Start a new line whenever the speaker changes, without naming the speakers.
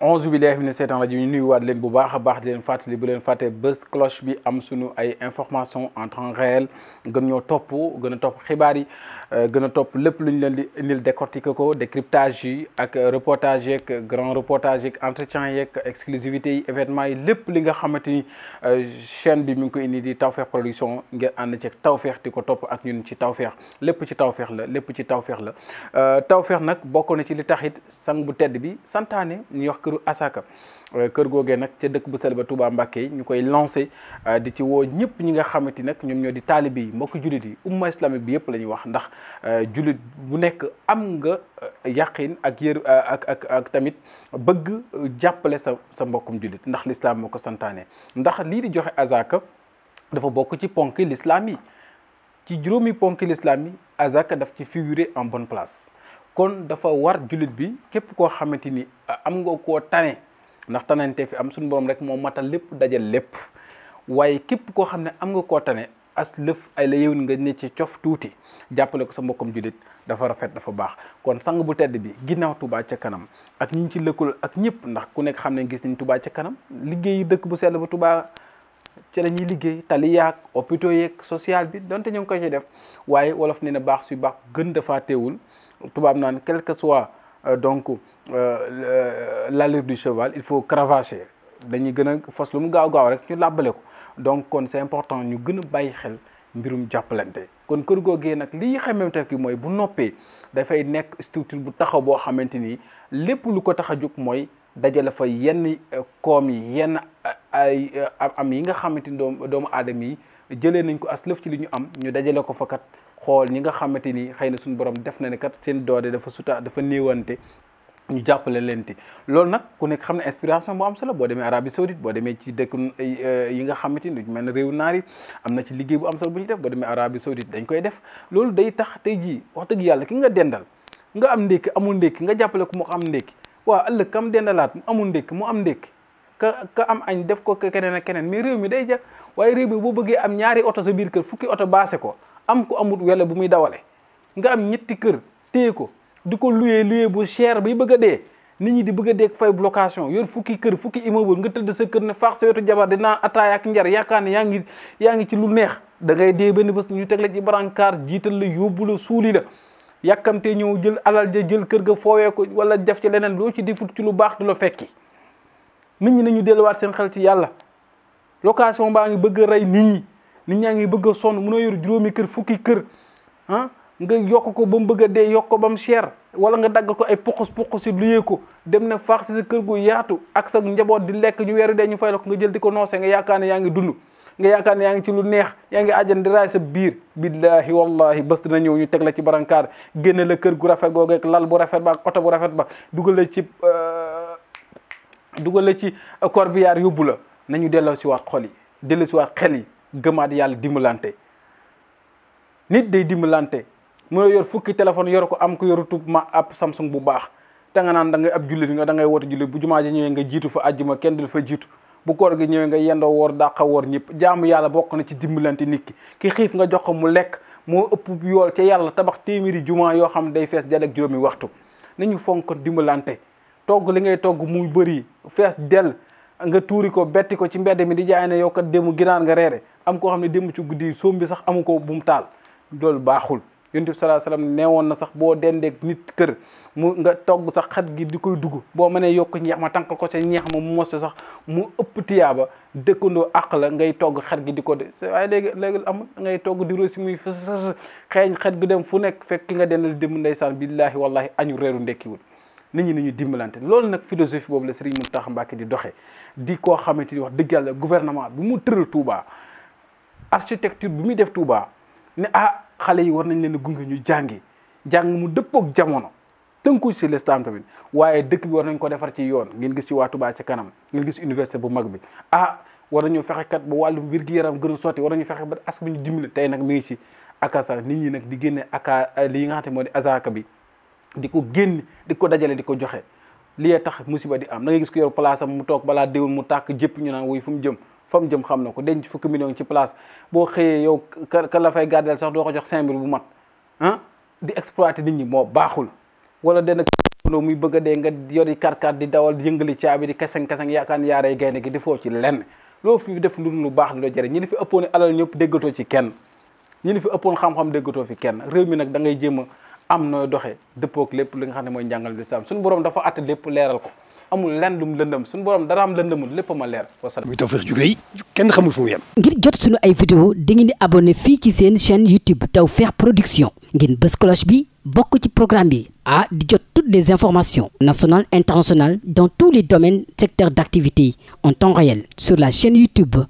onze billahi mina seytaan rajiim ñu nuyu waat leen bu baax a baax di leen fàttali bu leen fàtte bés cloche bi am sunu ay information en temps réel gën ñoo topp gën a topp xibaar yi euh, gën a topp lépp lu ñu leen di indil décortiquer ko décryptage yi ak reportage yeeg grand reportage yeeg entretien yeeg exclusivité yi événement yi lépp li nga xamante ni euh, chaîne bi mi ngi ko indi di Tawfekh Production ngeen ànd ci tawfeex di ko topp ak ñun ci Tawfekh lépp ci Tawfekh la lépp ci Tawfekh la euh, Tawfekh nag bokk ci li taxit sang bu tedd bi santaane ñu wax këru asaka euh, kër googee nag ca dëkk bu sell ba Touba ñu koy lancé euh, di ci woo ñëpp ñi nga xamante nag ñoom ñoo di taalibe yi mbokk jullit yi umma islamique bi yëpp la ñuy wax ndax euh, jullit bu nekk am nga yaqin ak yër ak ak tamit bëgg jàppale sa sa mbokkum jullit ndax l'islam moo ko santaane ndax lii di joxe asaka dafa bokk ci ponk l'islam yi ci juróomi ponk l'islam yi asaka daf ci figurer en bonne place kon dafa war jullit bi képp koo xamante ni ah, am nga koo tane ndax tanante fi am suñu borom rek moo matal lépp dajal lépp waaye képp koo xam ne am nga koo tane as lëf ay la yëwin nga ne ci cof tuuti jàppale ko sa mbokkam jullit dafa rafet dafa baax kon sang bu tedd bi ginnaaw Touba ca kanam ak ñi ci lëkkaloo ak ñëpp ndax ku nekk xam ne gis nañ tubaa ci kanam liggéey liggéeyu dëkk bu sell bu Touba ci la ñuy liggéey tali yaag hôpitaux yeeg social bi donte ñu ngi koy ci def waaye wolof nee na baax suy baax gën dafa teewul tubaab naan quel que soit euh, donc euh, l'allure du cheval il faut cravacher dañuy gën a fas lu mu gaaw gaaw rek ñu làbbale ko donc kon c'est important ñu gën a bàyyi xel mbirum jàppalante kon kër googee nag lii xemmeemteef gi mooy bu noppee dafay nekk structure bu taxaw boo xamante ni lépp lu ko tax a jóg mooy dajale fa yenn euh, koom yi yenn ay am yi nga xamante ni doom doomu aadama yi jëlee nañ ko aslëf ci li ñu am ñu dajale ko fakat xool ñi nga xamante ni xëy na suñu borom def na ne kat seen doode dafa suta dafa néewante ñu jàppale leen ti loolu nag ku nekk xam ne inspiration bu am solo boo demee Arabie Saoudite boo demee ci dëkk euh, yi nga xamante ni mel ne réew naar am na ci liggéey bu am solo bu ñu def boo demee Arabie Saoudite dañ koy def loolu day tax tey jii wax dëgg yàlla ki nga dendal nga am ndékki amul ndékki nga jàppale ko mu am ndékki waaw ëllëg kam dendalaat mu amul ndékki mu am ndékki ka am añ def ko keneen ak keneen mais réew mi day jag waaye réew mi boo bëggee am ñaari oto sa biir kër fukki oto baase ko am ku amut wele bu muy dawale nga am ñetti kër téye ko di ko luyee luyee bu cher bay bëgg a dee nit ñi di bëgg a dee fay location yor fukki kër fukki immeuble nga tëdd sa kër ne faax sa wetu jabar dinaa ataaya ak njar yaakaar yaa ngi yaa ngi ci lu neex da ngay dee benn bés ñu teg la ci brancard jiital la yóbbu la suuli la yàkkamte ñëw jël alal ja jël kër ga foowee ko wala def ci leneen loo ci di defut ci lu baax du la fekki nit ñi nañu delluwaat seen xel yàlla nit ñaa ngi bëgg a sonn munoo yor juróomi kër fukki kër ah nga yokk ko ba mu bëgg a dee yokk ko ba mu cher wala nga dagg ko ay poqus poqus yi luyee ko dem na faax si sa kër gu yaatu ak sa njaboot di lekk ñu weeru dee ñu fay la ko nga jël di ko noose nga yaakaar ne yaa ngi dund nga yaakaar ne yaa ngi ci lu neex yaa ngi àjjan di raay sa biir billahi wallahi bés na ñëw ñu teg la ci barankaar génne la kër gu rafet googu ak lal bu rafet ba ak oto bu rafet ba dugal la ci euh, dugal la ci corbière yóbbu la nañu delloo si waat yi delloo si xel yi gëmaat yàlla dimbalante nit day dimbalante mënoo yor fukki téléphone yoru ko am ko yoru tub ma ab samsung bu baax te nga naan da ngay ab jullit nga da ngay woote jullit bu jumaa ji ñëwee nga jiitu fa àjjuma kenn du fa jiitu bu koor gi ñëwee nga yendoo woor dàqa woor ñëpp jaamu yàlla bokk na ci dimbalante nit ki xiif nga jox ko mu lekk moo ëpp yool ca yàlla tabax téeméeri jumaa yoo xam day fees dell ak juróomi waxtu ñu fonk dimbalante togg li ngay togg nga tuuri ko betti ko ci mbedd mi di jaay ne yow kat démb ginaar nga reere am koo xam ne démb ci guddi soom bi sax amu ko bu mu taal loolu baaxul yonent bi salaa salaam woon na sax boo dendeeg nit kër mu nga togg sax xat gi di koy dugg boo mënee yokk ñeex ma tànk ko ca ñeex ma mu mos sax mu ëpp tiyaaba dëkkandoo àq la ngay togg xat gi di ko de waaye léegi ngay togg di rosi muy fës xeeñ xet gi dem fu nekk fekk ki nga dendal démb ndeysaan billahi wallahi añu reeru ndekkiwul nit ñi ni ñu dimbalante loolu nag philosophie boobu la Serigne tax Mbacké di doxee di koo xamante ni wax dëgg yàlla gouvernement bi mu tëral Touba architecture bi muy def Touba ne ah xale yi war nañ leen gunge ñu jàngi jàng mu dëppook jamono tënku si l'islam tamit waaye dëkk bi war nañ ko defar ci yoon ngeen gis ci waa Touba ci kanam ngeen gis université bu mag bi ah war nañoo fexe kat ba wàllum wér gi yaram gën a sotti war nañu fexe ba askan bi ñu dimbali tey nag mi ngi ci akasa nit ñi nag di génne aka li nga xam ne moo di asaka bi di ko génn di ko dajale di ko joxe liy tax musiba di am da ngay gis ku yor place mu toog balaa déwén mu tàkk jëpp ñu naan wuy fu mu jëm fa jëm xam na ko denc fukki million ci place boo xëyee yow ka la fay gardeel sax doo ko jox cinq bu mat ah di exploiter nit ñi moo baaxul wala denn loo muy bëgg a dee nga yori karkar di dawal yëngali caabi di kasang-kasang yaakaan yaaray gaynde gi di foo ci lenn loo fi def lu lu baax di la jëriñ ñi ni fi ëppoon alal ñëpp déggatoo ci kenn ñi ni fi ëppoon xam-xam déggatoo fi kenn réew mi nag da ngay jéem am nooy doxee dëppook lépp li nga xam ne mooy njàngal lislaam suñu borom dafa àtte lépp leeral ko amul lenn lum lëndëm suñu borom dara am lëndëmul lépp ma leer wasalaam. muy Tawfekh ju rëy kenn xamul fu mu ngir jot suñu ay vidéo dangeen di abonné fii ci seen chaîne YouTube Tawfekh Production ngeen bës bi bokk ci programme bi ah di jot toutes les informations nationales internationales dans tous les domaines secteurs d'activité en temps réel sur la chaîne YouTube